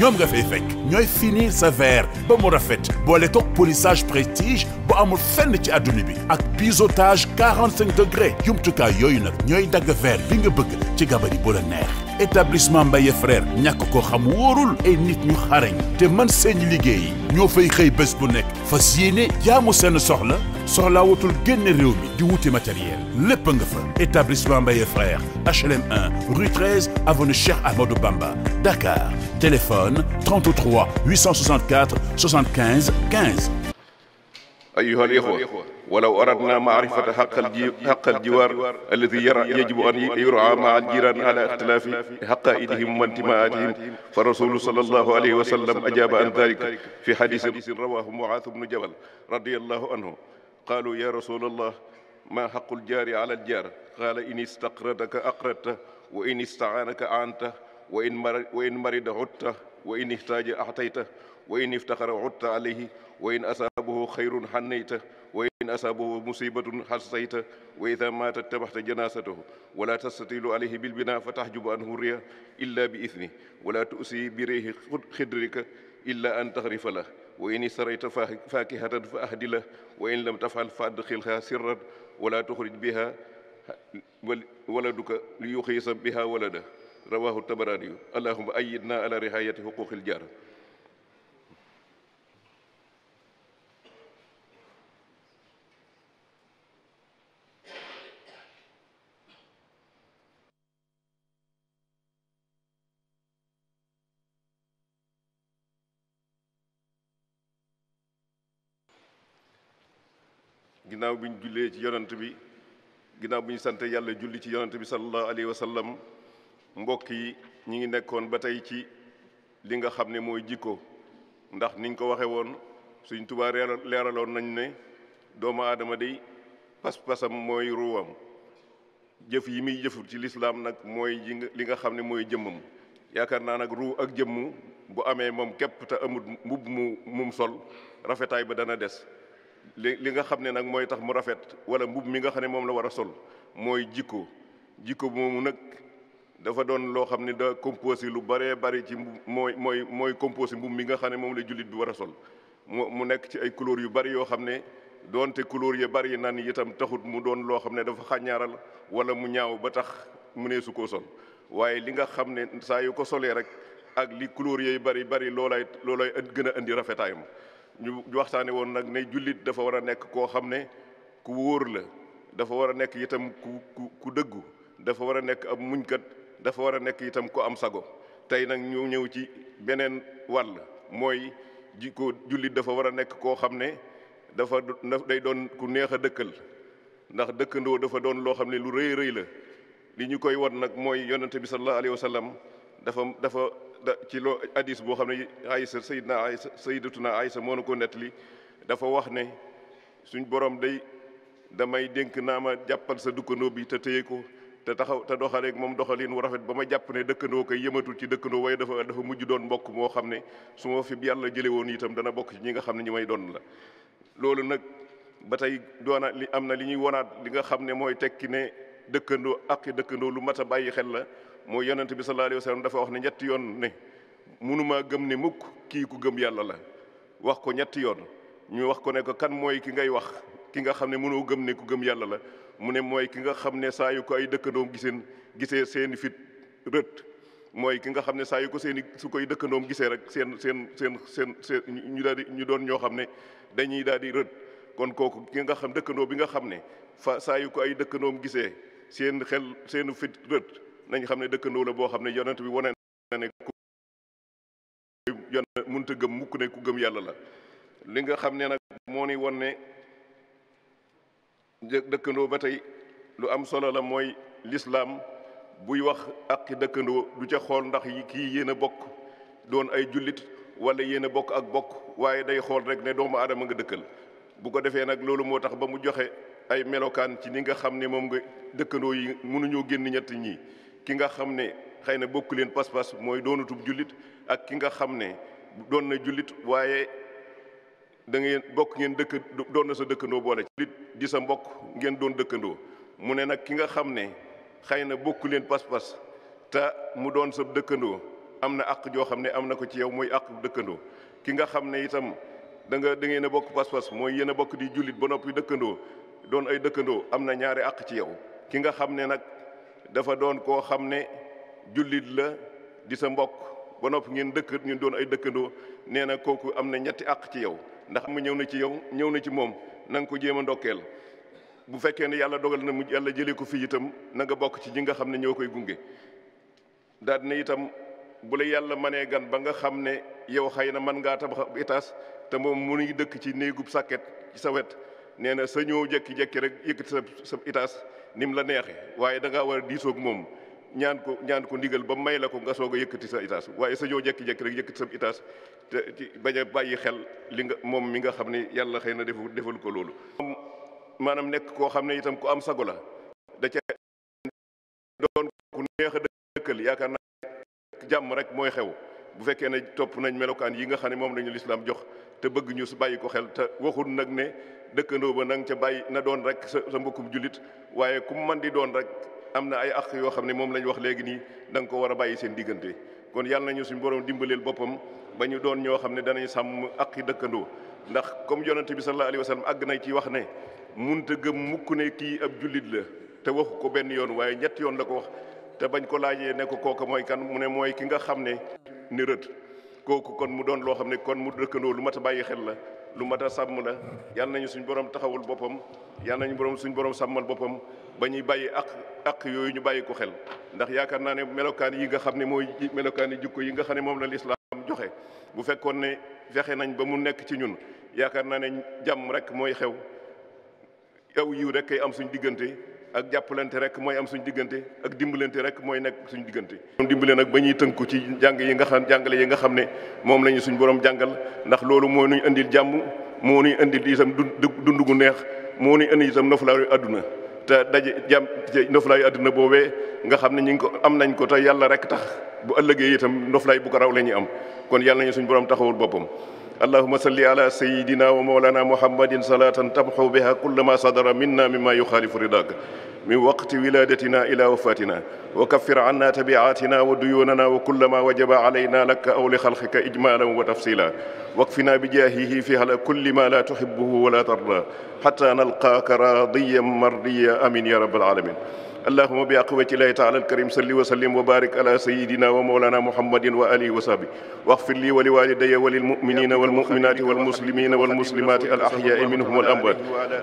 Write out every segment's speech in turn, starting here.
ñoom nga fay fekk ñooy finir sa verre ba mu rafet boole toog polissage prestige bu amul fenn ci adduna bi ak biseautage 45 degré jumtukaay yooyu nag ñooy dagg verre bi nga bëgg ci gabari bu la neex établissement Mbaye frère ñàkk ko xamu wóorul ay nit ñu xarañ te man seeni liggéey ñoo fay xëy bés bu nekk fas yéene jaamu seen soxla soxlaa wutul génn réew mi di wuti matériel lépp nga fa établissement Mbaye frère HLM 1 rue 13 avenue Cheikh Amadou Bamba Dakar téléphone 33 864 75 15. أيها الإخوة ولو أردنا معرفة حق حق الجوار الذي يجب أن يرعى مع الجيران على اختلاف حقائدهم وانتماءاتهم فالرسول صلى الله عليه وسلم أجاب عن ذلك في حديث رواه معاذ بن جبل رضي الله عنه قالوا يا رسول الله ما حق الجار على الجار قال إن استقرضك أقرضته wa in istaanaka anta wa in mar wa in marida xutta wa in ihtaaja axtayta wa in iftaxara xutta alayhi wa in asaabahu xayrun xannayta wa in asaabahu musibatun xassayta wa ida maata tabaxta janaasatahu wala tastatilu alayhi bilbina fa taxjubu anhu riya illa bi idni wala tuusi bi réexi xidrika illa an taxrifa la wa in istarayta faakihatan fa ahdi la wa in lam tafal fa adxilha sirran wala tuxrij biha waladuka li yuxiisa biha walada rawahu tabaraani yu allahuma ayidna ala rihaayati xuquqil jaar ginnaaw biñ jullee ci yonant bi ginnaaw bu ñu sant yàlla julli ci yonante bi sallallahu alayhi wa sallam mbokk yi ñi ngi nekkoon ba tey ci li nga xam ne mooy jikko ndax niñ ko waxe woon suñ tubaa leeraloon nañ ne doomu aadama day pas-pasam mooy ruuwam jëf yi muy jëful ci lislaam nag mooy li nga xam ne mooy jëmmam yaakaar naa nag ruu ak jëmmu bu amee moom képp te amul mbubb mu mum sol rafetaay ba dana des li li nga xam ne nag mooy tax mu rafet wala mbubb mi nga xam ne moom la war a sol mooy jikko jikko moomu nag dafa doon loo xam ne da composé lu bëree bëri ci mbub mooy mooy composé mbub mi nga xam ne moom la jullit bi war a sol mu mu nekk ci ay couleurs yu bëri yoo xam ne doonte couleurs yu bëri nan itam taxut mu doon loo xam ne dafa xàññaaral wala mu ñaaw ba tax mu nee su sol waaye li nga xam ne saa yu ko solee rek ak li couleurs yooyu bari bari loolay loolay gën a indi rafetaayam ñu waxtaane woon nag ne jullit dafa war a nekk koo xam ne ku wóor la dafa war a nekk yitam ku ku dëggu dafa war a nekk ab muñkat dafa war a nekk itam ku am sago tey nag ñu ñëw ci beneen wàll mooy ji ko jullit dafa war a nekk koo xam ne dafa day doon ku neex a dëkkal ndax dëkkandoo dafa doon loo xam ne lu rëy rëy la li ñu koy won nag mooy yonente bi sallallahu alayhi wa dafa dafa da ci loo hadis boo xam ne Aysa Sayyidna Aysa Sayyidatuna Aysa moo na ko nettali dafa wax ne suñ borom day damay dénk naa ma jàppal sa dëkkandoo bi te téye ko te taxaw te doxaleeg moom doxalin wu rafet ba ma jàpp ne dëkkandoo koy yëmatul ci dëkkandoo waaye dafa dafa mujj doon mbokk moo xam ne su ma fi yàlla jële woon itam dana bokk ñi nga xam ne ñi may doon la loolu nag ba tey doona li am na li ñuy wonaat li nga xam ne mooy tekki ne dëkkandoo ak dëkkandoo lu mat a bàyyi xel la mooy yonent bi sallallahu alayhi wa sallam dafa wax ne ñetti yoon ne mënumaa gëm ne mukk kii ku gëm yàlla la wax ko ñetti yoon ñu wax ko ne kan mooy ki ngay wax ki nga xam ne mënoo gëm ne gëm yàlla la mu ne mooy ki nga xam ne saa yu ko ay dëkkandoom giseen gisee seen fit rët mooy ki nga xam ne saa yu ko seen su koy dëkkandoom gisee rek seen seen seen seen ñu daal ñu doon ñoo xam ne dañuy daal di rët kon kooku ki nga xam dëkkandoo bi nga xam ne fa saa yu ko ay dëkkandoom gisee seen xel seenu fit rët nañ xam ne dëkkandoo la boo xam ne yonent bi wane na ne ku yon mënta gëm mukk ne ku gëm yàlla la li nga xam ne nag moo ni won ne dëkkandoo ba tey lu am solo la mooy lislaam buy wax ak dëkkandoo du ca xool ndax kii yéen bokk doon ay jullit wala yéen bokk ak bokk waaye day xool rek ne doomu aadama nga dëkkal bu ko defee nag loolu moo tax ba mu joxe ay melokaan ci ni nga xam ne moom nga dëkkandoo yi mënuñoo génn ñett ñii ki nga xam ne xëy na bokku leen pas-pas mooy doonutub jullit ak ki nga xam ne doon na jullit waaye da ngeen bokk ngeen dëkk doon na sa dëkkandoo boole ci di sa mbokk ngeen doon dëkkandoo mu ne nag ki nga xam ne xëy na bokku leen pas-pas te mu doon sa dëkkandoo am na àq joo xam ne am na ko ci yow mooy àq dëkkandoo ki nga xam ne itam da nga da ngeen bokk pas-pas mooy yéen a bokk di jullit ba noppi dëkkandoo doon ay dëkkandoo am na ñaari àq ci yow ki nga dafa doon koo xam ne jullit la di sa mbokk ba noppi ngeen dëkk ñu doon ay dëkkandoo nee na kooku am na ñetti àq ci yow ndax mu ñëw na ci yow ñëw na ci moom na nga ko jéem a ndokkeel bu fekkee ne yàlla dogal na mujj yàlla jëlee ko fii itam na nga bokk ci ñi nga xam ne ñëw koy gunge daal dina itam bu la yàlla manee gan ba nga xam ne yow xëy na man ngaa tabax ab étage te moom mu ngi dëkk ci néegub sàkket ci sa wet nee na sañoo jekki-jekki rek yëkkati sa sa étage ni mu la neexee waaye da ngaa war a diisoog moom ñaan ko ñaan ko ndigal ba may la ko nga soog a yëkkati sa itaas waaye sa ñoo jékki-jékki rek yëkkati sa itaas te bañ a bàyyi xel li nga moom mi nga xam ne yàlla xëy na defu defal ko loolu. maanaam nekk koo xam ne itam ku am sago la da ca doon ku neex a dëkkal yaakaar naa jàmm rek mooy xew. bu fekkee ne topp nañ melokaan yi nga xam ne moom lañu lislaam jox te bëgg ñu su bàyyi ko xel te waxul nag ne dëkkandoo ba nang ca bàyyi na doon rek sa sa mbokkum jullit waaye ku man di doon rek am na ay àq yoo xam ne moom lañ wax léegi nii da ko war a bàyyi seen diggante kon yàlla nañu suñ borom dimbaleel boppam ba ñu doon ñoo xam ne danañ sàmm ak aqi dëkkandoo ndax comme yonente bi sallallahu alayhi wa sallam àgg na ci wax ne munta gëm mukk ne kii ab la te waxu ko benn yoon waaye ñetti yoon la ko wax te bañ ko laajee ne ko kooka mooy kan mu ne mooy ki nga xam ne ni rët kooku kon mu doon loo xam ne kon mu dëkkandoo lu mat a bàyyi xel la lu mat a sàmm la yan nañu suñ borom taxawul boppam yan nañu borom suñ borom sàmmal boppam ba ñuy bàyyi ak ak yooyu ñu bàyyi ko xel ndax yaakaar naa ne melokaan yi nga xam ne mooy melokaan yi jikko yi nga xam ne moom la lislaam joxe bu fekkoon ne fexe nañ ba mu nekk ci ñun yaakaar naa ne jàmm rek mooy xew aw yiw rek am suñ diggante ak jàppalante rek mooy am suñu diggante ak dimbalante rek mooy nekk suñu diggante. ñoom dimbale nag ba ñuy tënku ci jàng yi nga xam jàngale yi nga xam ne moom lañu suñu borom jàngal ndax loolu moo nuy indil jàmm moo nuy indil itam dund gu neex moo nuy indil itam noflaayu àdduna te daje jàmm noflaayu àdduna boobee nga xam ne ñu ngi ko am nañ ko te yàlla rek tax bu ëllëgee itam noflaay bu ko raw la ñuy am kon yàlla nañu suñu borom taxawul boppam. اللهم صل على سيدنا ومولانا محمد صلاة تمحو بها كل ما صدر منا مما يخالف رضاك من وقت ولادتنا إلى وفاتنا وكفر عنا تبعاتنا وديوننا وكل ما وجب علينا لك أو لخلقك إجمالا وتفصيلا واكفنا بجاهه في هلا كل ما لا تحبه ولا ترضى حتى نلقاك راضيا مرضيا آمين يا رب العالمين اللهم بأقوة الله تعالى الكريم صل وسلم وبارك على سيدنا ومولانا محمد وآله وصحبه واغفر لي ولوالدي وللمؤمنين والمؤمنات والمسلمين والمسلمات الأحياء منهم والأموات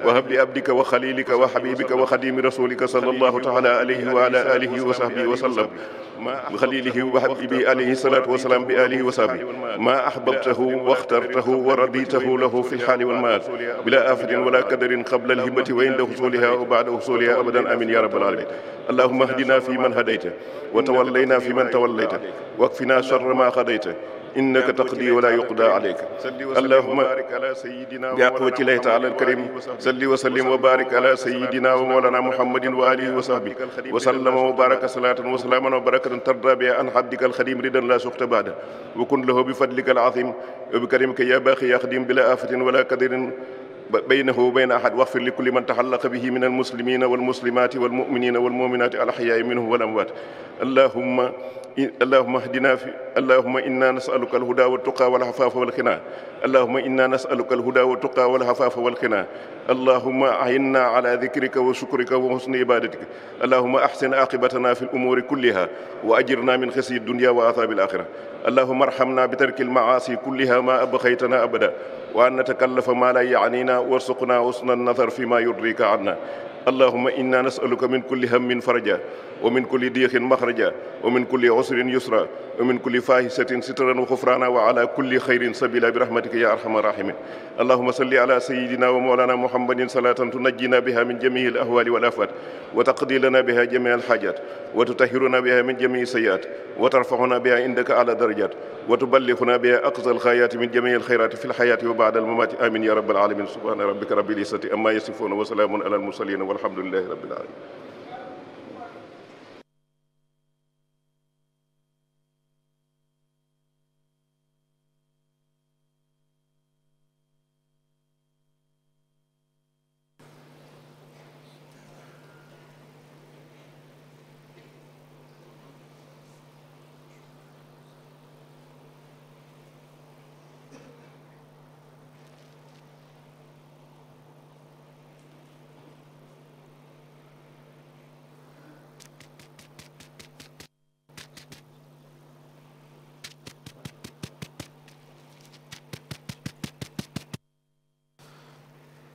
وهب لأبدك وخليلك وحبيبك وخديم رسولك صلى الله تعالى عليه وعلى آله وسلم وصحبه وسلم خليله وحبيبه عليه الصلاة والسلام بآله وصحبه ما أحببته واخترته ورضيته له في الحال والمال بلا آفة ولا قدر قبل الهمة وعند وصولها وبعد وصولها أبدا آمين يا رب العالمين اللهم اهدنا فيمن هديت وتولينا فيمن توليت واكفنا شر ما قضيت innaka taqdi wala yuqda alayka allahuma biaqwatilaahi taala alkarim salli wa sallim wa barik ala sayidina wa mawlana muhammadin wa alihi wa sahbi wa sallama wa baraka salatan wa salaaman wa barakatan tarda bi an xabdika alxadim ridan la suxta baada wa kun lahu bi fadlika alazim wa bi karimika ya baaxi ya xadim bila afatin wala kadirin baynahu wa bayna ahad waxfir li kulli man taxallaqa bihi min almuslimina walmuslimati walmuminina walmuminati alaxyaai minhum wal amwaat allahumma allahumma ahdina fi allahumma inna nasaluka alhuda waltuqa walxafaafa walxina allahumma inna nasaluka alhuda waltuqa walxafaafa walxina allahumma ainna ala dikrika wa shukrika wa husni ibadatika allahumma axsin aqibatana fi lumuri kulliha wa ajirna min xasi dunia wa athaabi alaxira allahumma arhamna bi tarki almaasi kulliha ma abxaytana abada wa an natakallafa ma la yaaniina warsuqna husna nazar fi ma yurdika anna allahuma inna nasaluka min kulli hammin faraja wa min kulli diixin maxraja wa min kulli usrin yusra wa min kulli fahisatin sitran wa xufrana wa ala kulli xayrin sabila bi rahmatika ya arhamar rahimin allahuma salli ala sayidina wa mawlana muhammadin salatan tunajjina biha min jamii al ahwali wal afat wa taqdi lana biha jamii al xaajat wa tutahiruna biha min jamii sayiat wa tarfaxuna biha indaka ala darajat wa tuballighuna biha aqsa al xayaati min jamii al xayrati fi al xayaati wa baada al mamaati amin ya rabbal alamin subhana rabbika rabbil izzati amma yasifuna wa salaamun ala al mursalin walhamdulillahi rabbil alamin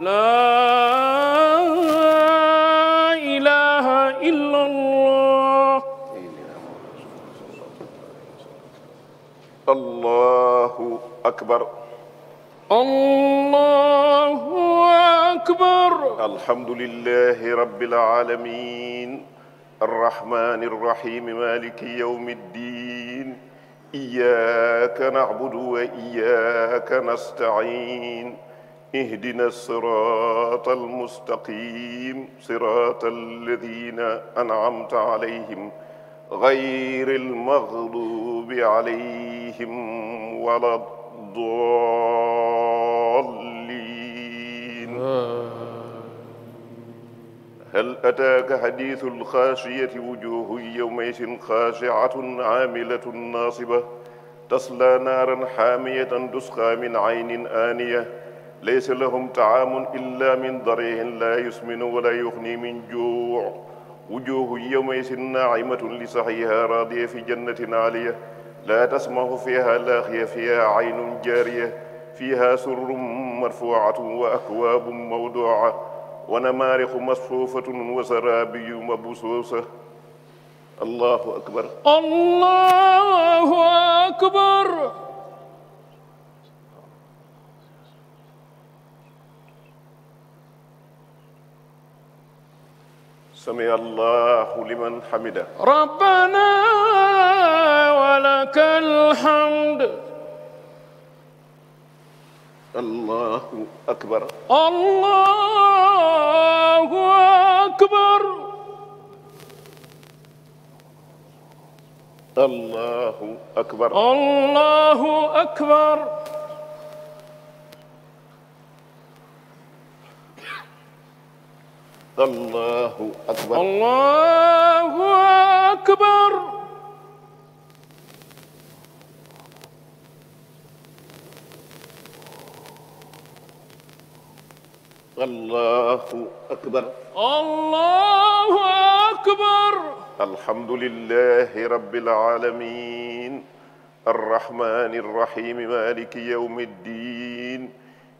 لا إله إلا الله الله أكبر الله أكبر الحمد لله رب العالمين الرحمن الرحيم مالك يوم الدين إياك نعبد وإياك نستعين اهدنا الصراط المستقيم صراط الذين أنعمت عليهم غير المغضوب عليهم ولا الضالين هل أتاك حديث الخاشية وجوه يومئذ خاشعة عاملة ناصبة تصلى نارا حامية تسقى من عين آنية laysa lahum taamun illa min darihin la yusminu wala yuxni min juu wujuhu yawmaysin naaimatun li saxiha radiya fi jannatin aliya la tasmahu fiha laaxiya fiha aynun jaariya fiha surrun marfuatun wa akwaabun mawduca wa namaariqu masfuufatun wa saraabiyu mabsuusa allahu akbar allahu akbar sami allahu liman hamida rabbana walaka alhamd allahu akbar allahu akbar allahu akbar allahu akbar الله أكبر الله أكبر الله أكبر الله أكبر الحمد لله رب العالمين الرحمن الرحيم مالك يوم الدين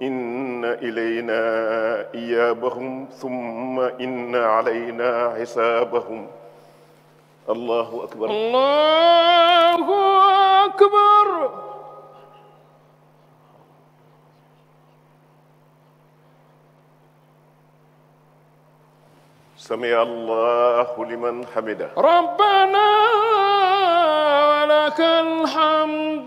inna ilayna iyaabahum summa inna alayna xisaabahum allahu akbar allahu akbar samia allahu liman hamida rabbana walaka alhamd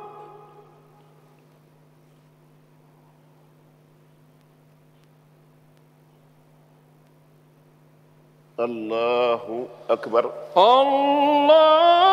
allahu akbar allah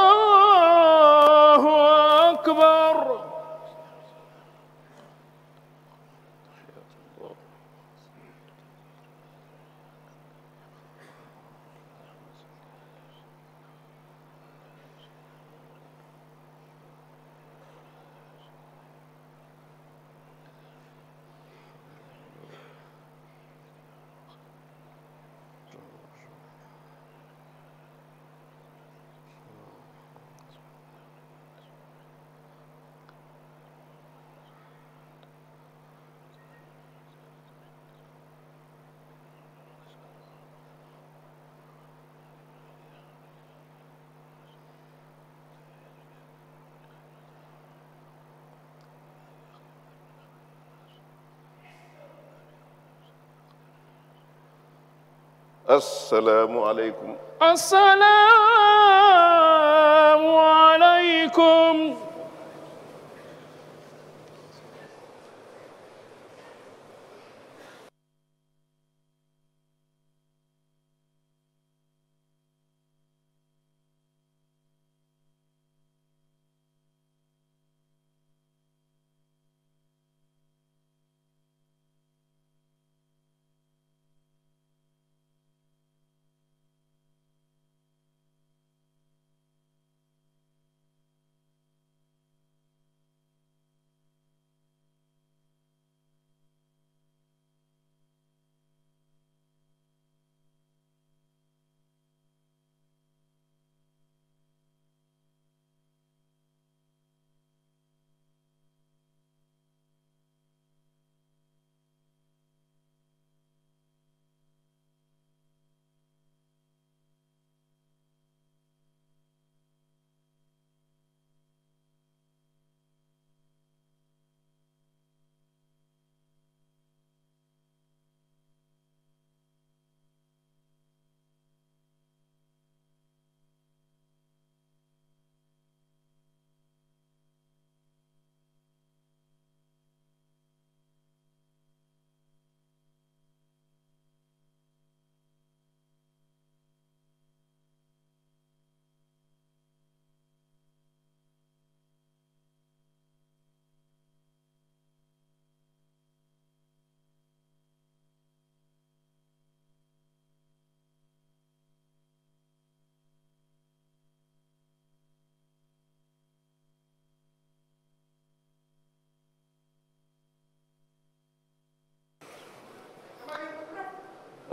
asalaamualeykum. asalaamualeykum.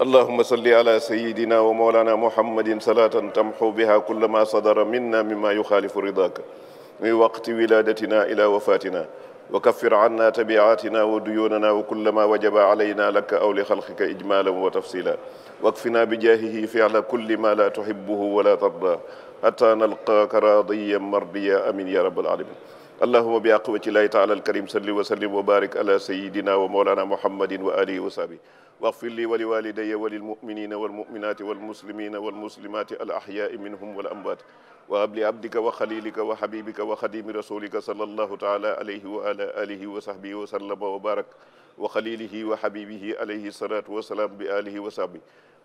اللهم صل على سيدنا ومولانا محمد صلاة تمحو بها كل ما صدر منا مما يخالف رضاك من وقت ولادتنا إلى وفاتنا وكفر عنا تبعاتنا وديوننا وكل ما وجب علينا لك أو لخلقك إجمالا وتفصيلا واكفنا بجاهه فعل كل ما لا تحبه ولا ترضى حتى نلقاك راضيا مرضيا أمين يا رب العالمين اللهم بأقوة الله تعالى الكريم صل وسلم وبارك على سيدنا ومولانا محمد وآله وصحبه واغفر لي ولوالدي وللمؤمنين والمؤمنات والمسلمين والمسلمات الأحياء منهم والأموات وهب لعبدك وخليلك وحبيبك وخديم رسولك صلى الله تعالى عليه وعلى آله وصحبه وسلم وبارك وخليله وحبيبه عليه الصلاة والسلام بآله وصحبه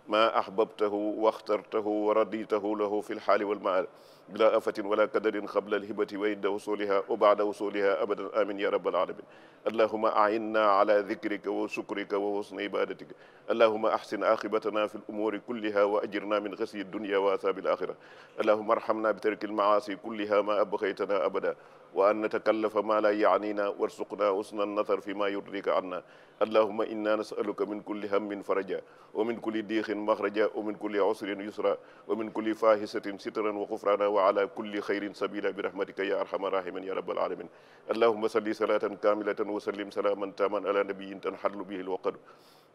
maa ahbabtahu waxtartahu wa raditahu lahu fi lxaali walmaal bila afatin wala kadarin qabla alhibati wa inda wusuliha wa baada wusuliha abadan amin ya rabbal alamin allahuma ainna ala dikrika wa sukrika wa husni ibadatika allahuma ahsin aqibatana fi lumuri kulliha wa ajirna min xasyi dunya wa asabi alaxira allahuma arhamna bi tarki almaasi kulliha ma abqaytana abada wa an natakallafa ma la yaaniina warsuqna husnan nathar fi ma yurdika anna allahumma inna nasaluka min kulli hammin faraja wa min kulli diixin maxraja wa min kulli usrin yusra wa min kulli fahisatin sitran wa xufrana wa ala kulli xayrin sabila bi rahmatika ya arhama rahimin ya rabbal alamin allahumma salli salatan kamilatan wa sallim salaman taman ala nabiyin tanxallu bihi lwaqadu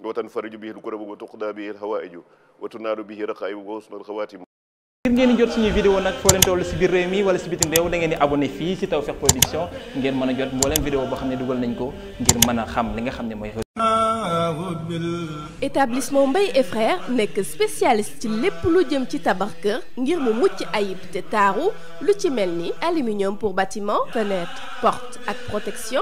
wa tanfariju bihi lkurabu wa tuqda bihi lhawaiju wa tunaalu bihi raqaibu wa husnul xawatim ngir ngeen di jot suñuy vidéo nag foo leen toll si biir réew mi wala si bitim réew da ngeen di abonné fii si Tawfekh Production ngeen mën a jot mbooleem vidéo boo xam ne dugal nañ ko ngir mën a xam li nga xam ne mooy établissement Mbaye mbay frères nekk spécialiste ci lépp lu jëm ci tabax kër ngir mu mucc ayib te taaru lu ci mel ni aluminium pour bâtiment fenêtre porte ak protection